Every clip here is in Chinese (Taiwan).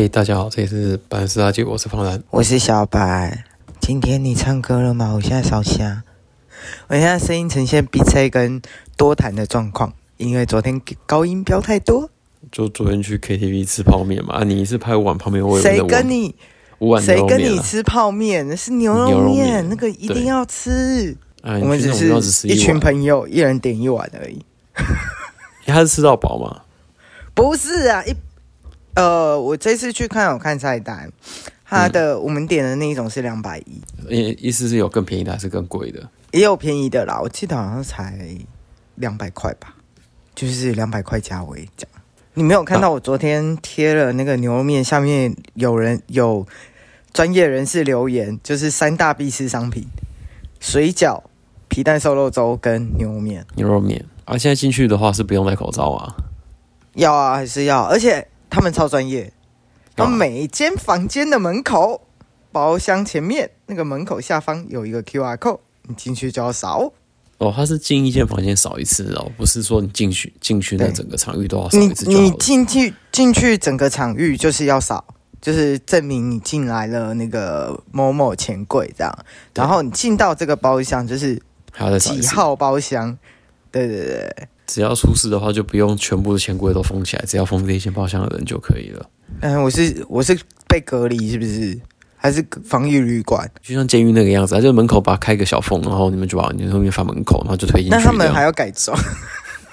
嘿，大家好，這裡是百事阿姐，我是方然，我是小白。今天你唱歌了嗎？我現在燒香，我現在聲音呈現鼻塞跟多痰的狀況，因為昨天高音飆太多。就昨天去 KTV 吃泡麵嘛，啊，你是拍碗泡麵，我誰跟你誰跟你吃泡麵？那是牛肉麵，肉那個一定要吃。啊、我們只是一群，只一,一群朋友，一人點一碗而已。你 還是吃到飽嗎？不是啊，一。呃，我這次去看，我看菜單，他的、嗯、我們點的那種是兩百一，意意思是有更便宜的還是更貴的？也有便宜的啦，我記得好像才兩百塊吧，就是兩百塊價位。你沒有看到我昨天貼了那個牛肉麵，啊、下面有人有專業人士留言，就是三大必吃商品：水餃、皮蛋瘦肉粥跟牛肉麵。牛肉麵。啊，現在進去的話是不用戴口罩啊？要啊，還是要、啊？而且。他們超專業，然後每間房間的門口、啊、包廂前面那個門口下方有一個 QR code，你進去就要掃。哦，他是進一間房間掃一次哦，不是說你進去進去那整個場域都要掃一次。你你進去進去整個場域就是要掃，就是證明你進來了那個某某錢櫃這樣。然後你進到這個包廂就是幾號包廂，對對對，對。只要出事的話，就不用全部的錢櫃都封起來，只要封這些包廂的人就可以了。嗯，我是我是被隔離，是不是？還是防疫旅館？就像監獄那個樣子、啊、就是門口把它開個小縫，然後你們就把牛肉麵放門口，然後就推進去。那他們還要改裝？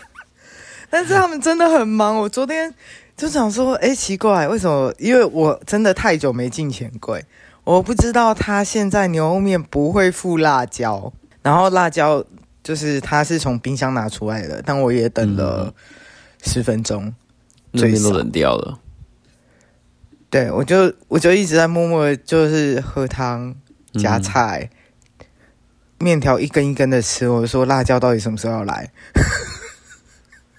但是他們真的很忙。我昨天就想說，哎、欸，奇怪，為什麼？因為我真的太久沒進錢櫃，我不知道他現在牛肉麵不會附辣椒，然後辣椒。就是它是從冰箱拿出來的，但我也等了十分鐘、嗯，那邊都冷掉了。對，我就我就一直在默默就是喝湯、夾菜、嗯、麵條一根一根的吃。我就說辣椒到底什麼時候要來？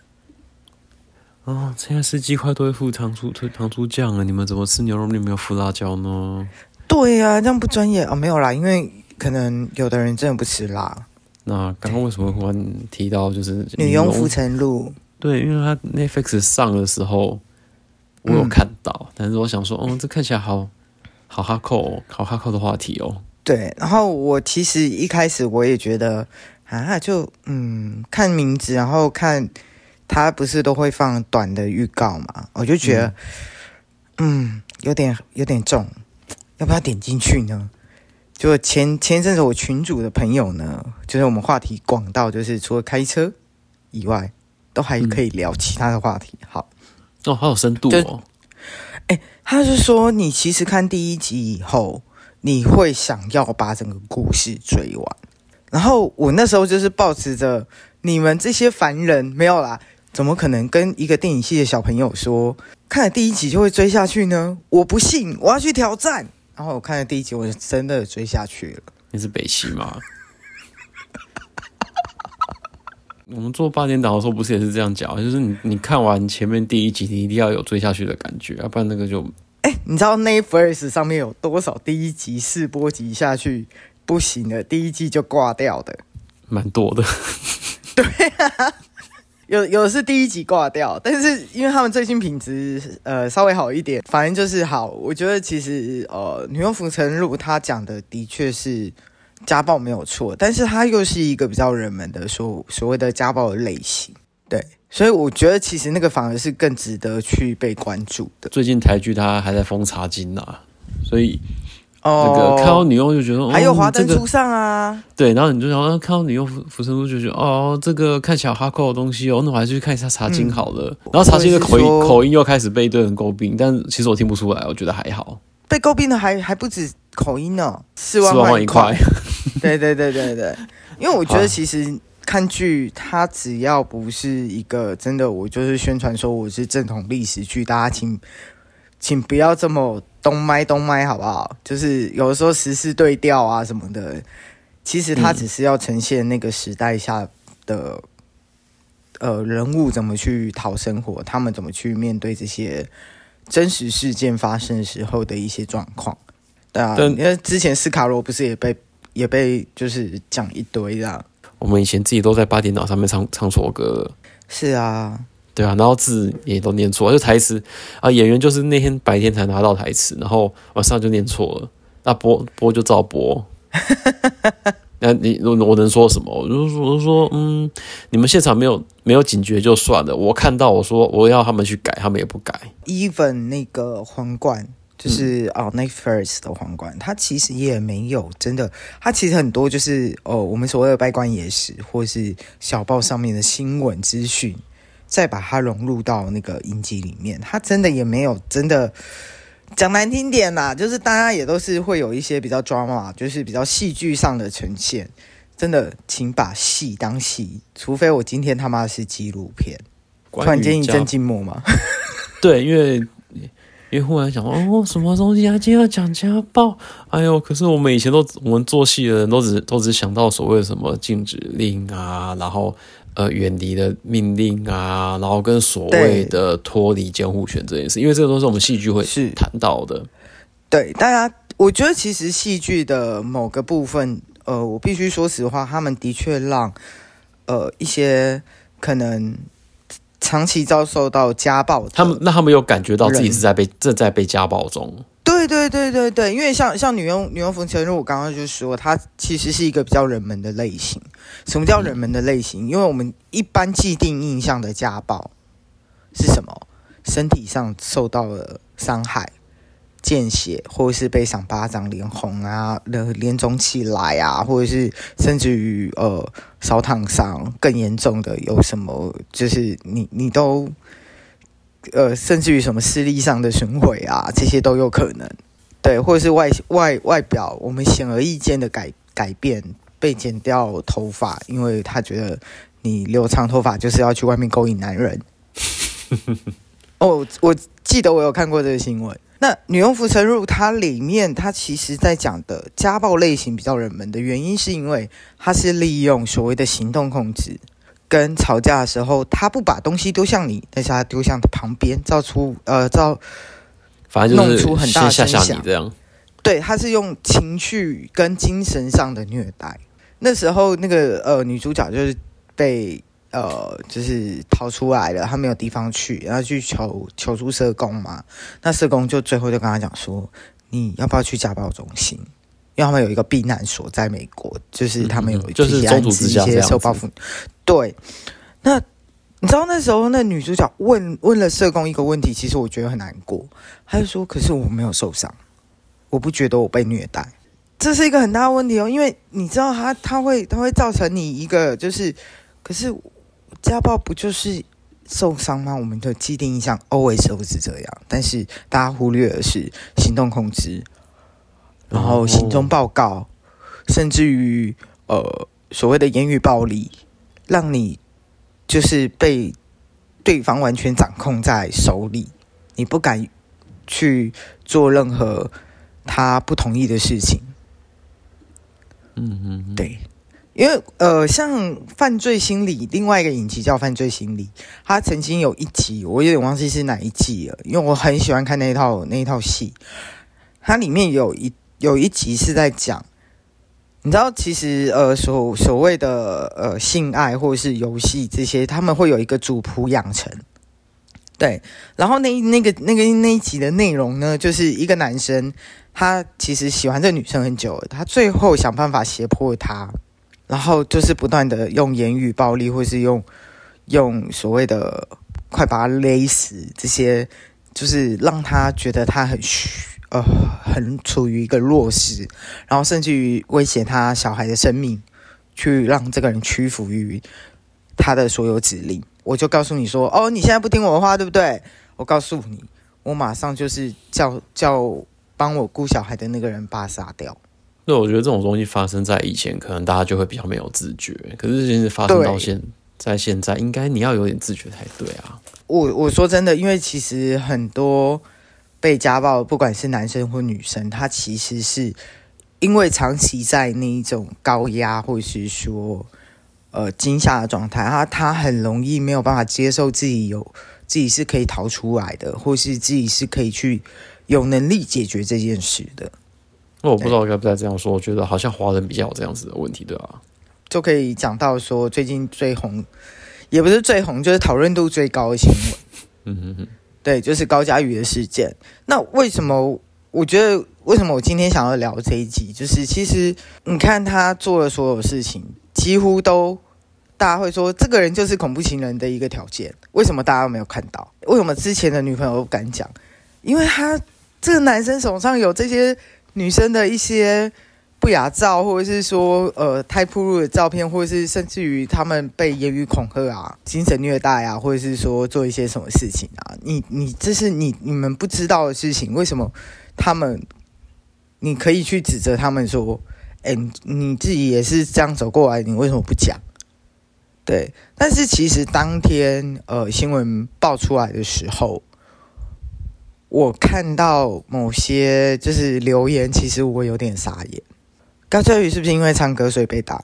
哦，現在吃雞塊都會附糖醋糖醋醬了，你們怎麼吃牛肉麵沒有附辣椒呢？對呀、啊，這樣不專業啊、哦。沒有啦，因為可能有的人真的不吃辣。那剛剛為什麼忽然提到就是《對女傭浮沉錄》？對，因為他 Netflix 上的時候我有看到，嗯、但是我想說，哦、嗯，這看起來好好哈扣、好哈扣、哦、的話題哦。對，然後我其實一開始我也覺得啊，就嗯，看名字，然後看他不是都會放短的預告嘛，我就覺得嗯，嗯，有點有點重，要不要點進去呢？就前前一陣子，我群組的朋友呢，就是我們話題廣到，就是除了開車以外，都還可以聊其他的話題。嗯、好，哦，好有深度哦。哎、欸，他是說，你其實看第一集以後，你會想要把整個故事追完。然後我那時候就是抱持着，你們這些凡人沒有啦，怎麼可能跟一個電影系的小朋友說，看了第一集就會追下去呢？我不信，我要去挑戰。然後我看了第一集，我就真的追下去了。你是北西嗎？ 我們做八點檔的時候，不是也是這樣講，就是你你看完前面第一集，你一定要有追下去的感覺，要、啊、不然那個就……欸、你知道 Netflix 上面有多少第一集試播集下去不行的，第一季就掛掉的，蠻多的。 對啊。有有的是第一集掛掉，但是因為他們最近品質，呃，稍微好一點，反正就是好。我覺得其實，呃，《女傭浮沉錄》他講的的確是家暴沒有錯，但是他又是一個比較熱門的所所謂的家暴的類型，對。所以我覺得其實那個反而是更值得去被關注的。最近台劇他還在封查金吶、啊，所以。那、這個看到女傭就覺得，哦、還有華燈初上啊、這個，對，然後你就想，看到女傭，浮沈錄就覺得哦，這個看起來好哈扣的東西哦，那我還是去看一下茶金好了。嗯、然後茶金的口音口音又開始被一堆人詬病，但其實我聽不出來，我覺得還好。被詬病的還還不止口音呢、哦，四萬,萬塊萬萬一塊。 對對對對對，因為我覺得其實看劇，它只要不是一個真的，我就是宣傳說我是正統歷史劇，大家請請不要這麼。東麥東麥，好不好？就是有的時候時事對調啊什麼的，其實他只是要呈現那個時代下的、嗯、呃人物怎麼去討生活，他們怎麼去面對這些真實事件發生的時候的一些狀況。對啊，那對之前斯卡羅不是也被也被就是講一堆啦。我們以前自己都在八點檔上面唱唱錯歌。是啊。對啊，然後字也都念錯，就台詞啊，演員就是那天白天才拿到台詞，然後晚、啊、上就念錯了，那、啊、播播就照播。那、 啊、你我我能說什麼？我就說我就說嗯，你們現場沒有沒有警覺就算了，我看到我說我要他們去改，他們也不改。Even 那個皇冠就是啊 Netflix 的皇冠，它其實也沒有真的，它其實很多就是哦，我們所謂的稗官也是，或是小報上面的新聞資訊。再把它融入到那個影集裡面，它真的也沒有真的講難聽點啦。就是大家也都是會有一些比較 drama，就是比較戲劇上的呈現。真的，請把戲當戲，除非我今天他媽是紀錄片。突然間你真寂寞嗎？對，因為因為忽然想哦，什麼東西啊，今天要講家暴？哎呦，可是我們以前都我們做戲的人都只都只想到所謂什麼禁止令啊，然後。呃，遠離的命令啊，然後跟所謂的脫離監護權這件事，對因為這個都是我們戲劇會談到的是。對，大家，我覺得其實戲劇的某個部分，呃，我必須說實話，他們的確讓呃一些可能長期遭受到家暴，他們那他們有感覺到自己是在被人正在被家暴中。對對對對對，因為像像女傭女傭浮沉錄，因為我剛剛就說，它其實是一個比較冷門的類型。什麼叫冷門的類型？因為我們一般既定印象的家暴是什麼？身體上受到了傷害，見血，或是被賞巴掌，臉紅啊，臉腫起來啊，或者是甚至於呃燒燙傷，更嚴重的有什麼？就是你你都。呃，甚至於什麼視力上的損毀啊，這些都有可能，對，或者是外外外表我們顯而易見的改改變，被剪掉頭髮，因為他覺得你留長頭髮就是要去外面勾引男人。哦、 oh,，我記得我有看過這個新聞。那《女傭浮沈錄》它裡面它其實在講的家暴類型比較冷門的原因，是因為它是利用所謂的行動控制。跟吵架的時候，他不把東西丟向你，但是他丟向旁邊，造出呃造，照反正就是弄出很大的聲響。下下這樣，對，他是用情緒跟精神上的虐待。那時候那個呃女主角就是被呃就是逃出來了，她沒有地方去，然後去求求助社工嘛。那社工就最後就跟他講說，你要不要去家暴中心？因為他們有一個避難所，在美國，嗯嗯，就是他們有安置一些受暴婦女。對，那你知道那時候那女主角問問了社工一個問題，其實我覺得很難過。她就說：“可是我沒有受傷，我不覺得我被虐待。”這是一個很大的問題哦，因為你知道，她她會她會造成你一個就是，可是家暴不就是受傷嗎？我們的既定印象，always 都是這樣，但是大家忽略的是行動控制。然後行蹤報告，oh. 甚至於呃所謂的言語暴力，讓你就是被對方完全掌控在手裡，你不敢去做任何他不同意的事情。嗯嗯、mm，hmm. 對，因為呃像犯罪心理另外一個影集叫犯罪心理，他曾經有一集我有點忘記是哪一集了，因為我很喜歡看那一套那一套戲，它裡面有一。有一集是在講，你知道，其實呃，所所謂的呃性愛或者是遊戲這些，他們會有一個主僕養成。對，然後那那個那個那一集的內容呢，就是一個男生他其實喜歡這個女生很久了，他最後想辦法脅迫她，然後就是不斷的用言語暴力或是用用所謂的快把她勒死，這些就是讓她覺得她很虛。呃，很處於一個弱勢，然後甚至於威脅他小孩的生命，去讓這個人屈服於他的所有指令。我就告訴你說，哦，你現在不聽我的話，對不對？我告訴你，我馬上就是叫叫幫我顧小孩的那個人把他殺掉。那我覺得這種東西發生在以前，可能大家就會比較沒有自覺。可是這件事發生到現在，對在現在應該你要有點自覺才對啊。我我說真的，因為其實很多。被家暴，不管是男生或女生，他其實是因為長期在那一種高壓或者是說呃驚嚇的狀態，他他很容易沒有辦法接受自己有自己是可以逃出來的，或是自己是可以去有能力解決這件事的。那我不知道該不該這樣說，對我覺得好像華人比較這樣子的問題，對吧、啊？就可以講到說最近最紅，也不是最紅，就是討論度最高的新聞。嗯哼哼。對，就是高嘉瑜的事件。那為什麼？我覺得為什麼我今天想要聊這一集，就是其實你看他做的所有事情，幾乎都大家會說這個人就是恐怖情人的一個條件。為什麼大家沒有看到？為什麼之前的女朋友都不敢講？因為他這個男生手上有這些女生的一些。不雅照，或者是說，呃，太暴露的照片，或者是甚至於他們被言語恐嚇啊，精神虐待啊，或者是說做一些什麼事情啊，你你這是你你們不知道的事情，為什麼他們你可以去指責他們說，哎、欸，你自己也是這樣走過來，你為什麼不講？對，但是其實當天呃新聞爆出來的時候，我看到某些就是留言，其實我有點傻眼。高嘉瑜是不是因為唱歌所以被打？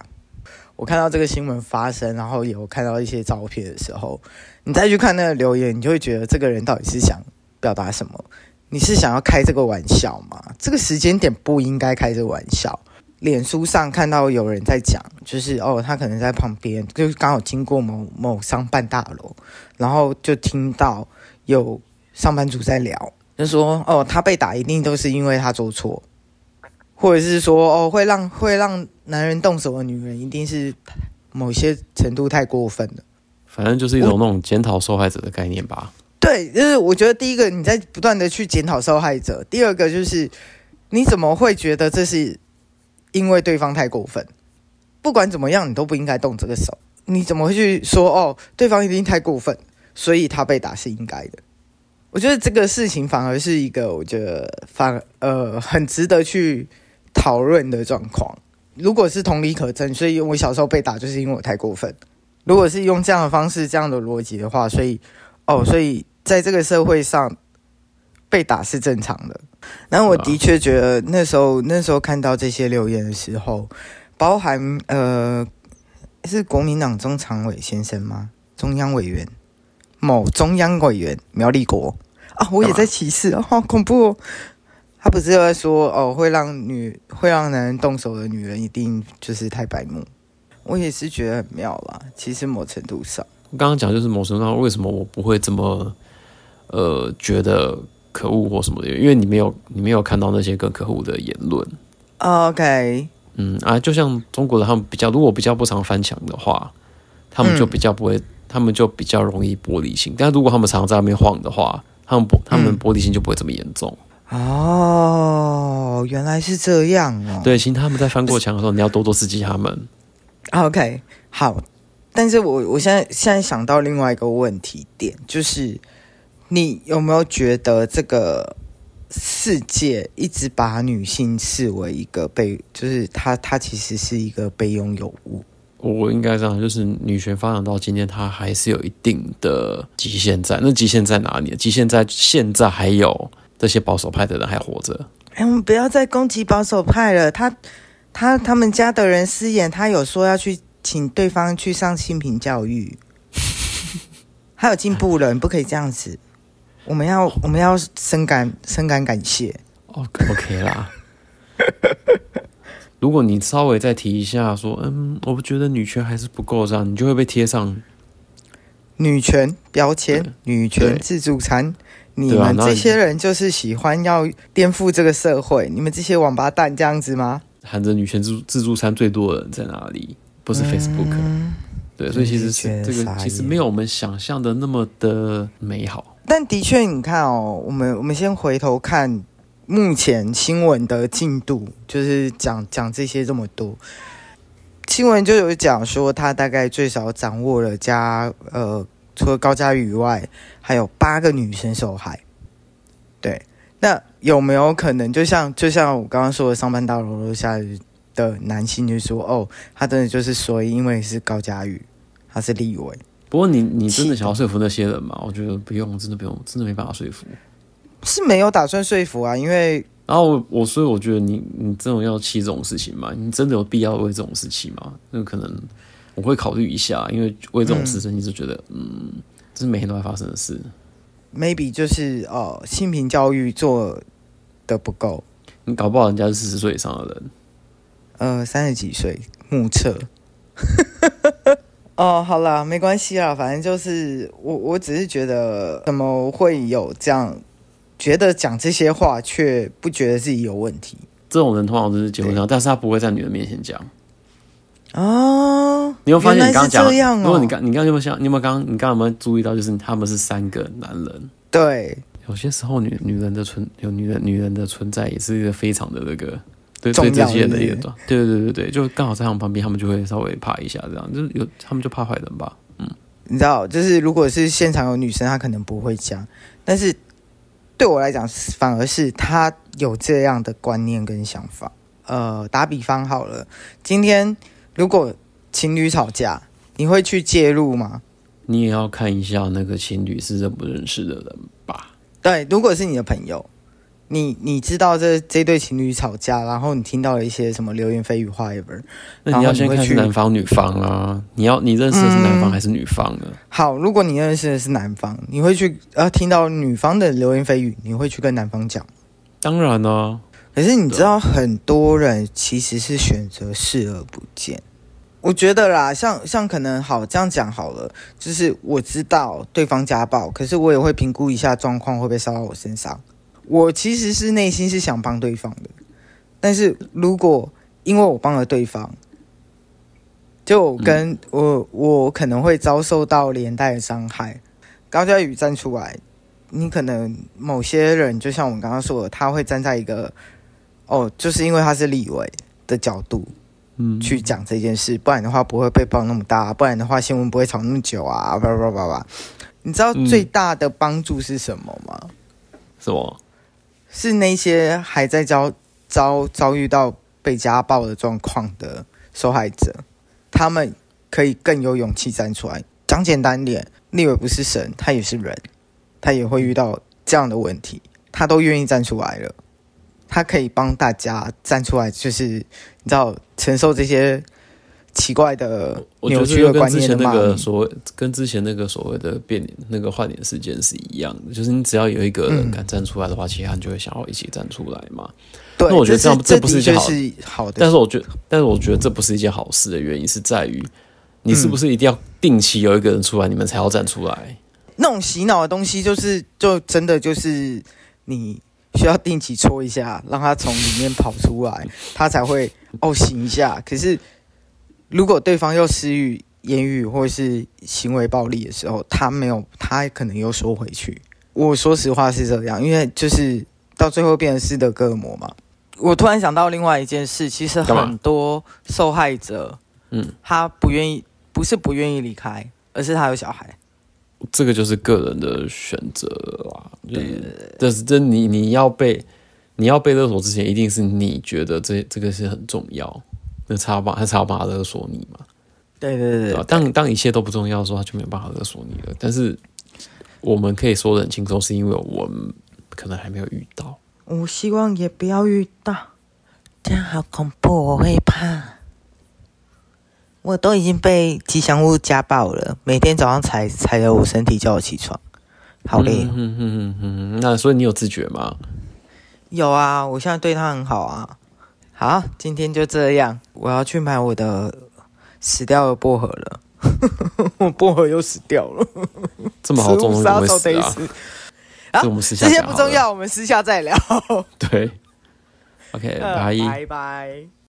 我看到這個新聞發生，然後有看到一些照片的時候，你再去看那個留言，你就會覺得這個人到底是想表達什麼？你是想要開這個玩笑嗎？這個時間點不應該開這個玩笑。臉書上看到有人在講，就是哦，他可能在旁邊，就剛好經過某某，某商辦大樓，然後就聽到有上班族在聊，就說哦，他被打一定都是因為他做錯。或者是說哦，會讓會讓男人動手的女人一定是某些程度太過分了。反正就是一種那種檢討受害者的概念吧。對，就是我覺得第一個你在不斷的去檢討受害者，第二個就是你怎麼會覺得這是因為對方太過分？不管怎麼樣，你都不應該動這個手。你怎麼會去說哦，對方一定太過分，所以他被打是應該的？我覺得這個事情反而是一個，我覺得反呃很值得去。討論的狀況，如果是同理可證，所以我小時候被打，就是因為我太過分。如果是用這樣的方式、這樣的邏輯的話，所以哦，所以在這個社會上被打是正常的。那我的確覺得那時候那時候看到這些留言的時候，包含呃，是國民黨中常委先生嗎？中央委員某中央委員苗立國啊，哦，我也在歧視，哦，好恐怖哦。他不是在說哦，會讓女會讓男人動手的女人一定就是太白目。我也是覺得很妙啦。其實某程度上，剛剛講就是某程度上，為什麼我不會這麼呃覺得可惡或什麼的？因為你沒有你沒有看到那些更可惡的言論。Oh, OK，嗯啊，就像中國人他們比較，如果比較不常翻牆的話，他們就比較不會，嗯、他們就比較容易玻璃心。但如果他們常常在那邊晃的話，他們玻他們玻璃心就不會這麼嚴重。嗯哦，原來是這樣哦。對，其實他們在翻過牆的時候，是你要多多刺激他們。OK，好。但是我，我我現在現在想到另外一個問題點，就是你有沒有覺得這個世界一直把女性視為一個被，就是她她其實是一個被擁有物。我應該這樣，就是女權發展到今天，它還是有一定的極限在。那極限在哪裡？極限在現在還有。這些保守派的人還活着。哎、欸，我們不要再攻擊保守派了。他、他、他們家的人私言，他有說要去請對方去上性平教育， 他有進步了， 你不可以這樣子。我們要，我們要深感深感感謝。Okay, OK 啦。 如果你稍微再提一下說，嗯，我不覺得女權還是不夠這樣，你就會被貼上女權標籤、嗯、女權對自助餐。你們這些人就是喜歡要顛覆這個社會，啊、你們這些王八蛋這樣子嗎？含着女權自自助餐最多的人在哪裡？不是 Facebook？嗯、對，所以其實是這個，其實沒有我們想象的那麼的美好。但的確，你看哦，我們我們先回頭看目前新聞的進度，就是講講這些這麼多新聞，就有講說他大概最少掌握了加呃。除了高嘉瑜以外，還有八個女生受害。對，那有沒有可能就，就像就像我剛剛說的，上班到樓下，的男性就說：“哦，他真的就是說，因為是高嘉瑜，他是立委。”不過你，你你真的想要說服那些人嗎？氣 我覺得不用，真的不用，真的沒辦法說服。是沒有打算說服啊，因為、啊……然後我所以我覺得你你這種要氣這種事情嘛，你真的有必要為這種事氣嗎？那可能。我會考慮一下，因為為這種事情一直覺得，嗯，嗯，這是每天都會發生的事。Maybe 就是哦，性平教育做的不夠。你搞不好人家是四十歲以上的人，呃，三十幾歲目測。 哦，好啦，沒關係啦，反正就是我，我只是覺得怎麼會有這樣覺得講這些話卻不覺得自己有問題？這種人通常都是結婚了，對但是他不會在女人面前講哦。啊你有，沒有發現你剛剛，剛剛講，如果你剛，你剛剛有沒有想？你有沒有剛剛？你剛剛有沒有注意到？就是他們是三個男人。對，有些時候女女人的存有女人女人的存在也是一個非常的那個，對，重要的一個。對對對對，對就剛好在他們旁邊，他們就會稍微怕一下，這樣就是有他們就怕壞人吧。嗯，你知道，就是如果是現場有女生，她可能不會講，但是對我來講，反而是她有這樣的觀念跟想法。呃，打比方好了，今天如果。情侶吵架，你會去介入嗎？你也要看一下那個情侶是認不認識的人吧。對，如果是你的朋友，你你知道這這對情侶吵架，然後你聽到了一些什麼流言蜚語話，ever，那你要先看男方女方啦、啊。你要你認識的是男方還是女方呢、嗯？好，如果你認識的是男方，你會去呃聽到女方的流言蜚語，你會去跟男方講。當然了、啊。可是你知道很多人其實是選擇視而不見。我覺得啦，像像可能好這樣講好了，就是我知道對方家暴，可是我也會評估一下狀況會不會燒到我身上。我其實是內心是想幫對方的，但是如果因為我幫了對方，就跟、嗯、我我可能會遭受到連帶的傷害。高嘉瑜站出來，你可能某些人就像我們剛剛說的，他會站在一個哦，就是因為他是立委的角度。嗯，去講這件事，嗯、不然的話不會被爆那麼大，不然的話新聞不會炒那麼久啊，叭叭叭叭，你知道最大的幫助是什麼嗎？什麼、嗯？是，是那些還在遭遭遭遇到被家暴的狀況的受害者，他們可以更有勇氣站出來。講簡單點，立委不是神，他也是人，他也會遇到這樣的問題，他都願意站出來了，他可以幫大家站出來，就是你知道承受這些奇怪的扭曲的觀念，那個所謂跟之前那個所謂的變臉那個換臉事件是一樣的，就是你只要有一個人敢站出來的話，嗯、其他人就會想要一起站出來嘛。對那我覺得這樣這，是這不是一件好是好的事，但是我覺得但是我覺得這不是一件好事的原因是在於，你是不是一定要定期有一個人出來，嗯、你們才要站出來？那種洗腦的東西，就是就真的就是你。需要定期戳一下，讓他從裡面跑出來，他才會哦醒一下。可是，如果對方又施予言語或是行為暴力的時候，他沒有，他可能又收回去。我說實話是這樣，因為就是到最後變成斯德哥爾摩嘛。我突然想到另外一件事，其實很多受害者，嗯，他不願意，不是不願意離開，而是他有小孩。這個就是個人的選擇啊，對，但是這你你要被你要被勒索之前，一定是你覺得這這個是很重要，那才要把才要把他勒索你嘛，對對對，對，對。當當一切都不重要的時候，他就沒辦法勒索你了。但是我們可以說得很輕鬆，是因為我們可能還沒有遇到。我希望也不要遇到，這樣好恐怖，我會怕。我都已經被吉祥物家暴了，每天早上踩踩着，我身體叫我起床，好累、嗯。那所以你有自覺嗎？有啊，我現在對他很好啊。好，今天就這樣，我要去買我的死掉的薄荷了。 我薄荷又死掉了，這麼好東西怎麼會死？啊，啊這些不重要，我們私下再聊。 對，OK，拜拜。呃 bye bye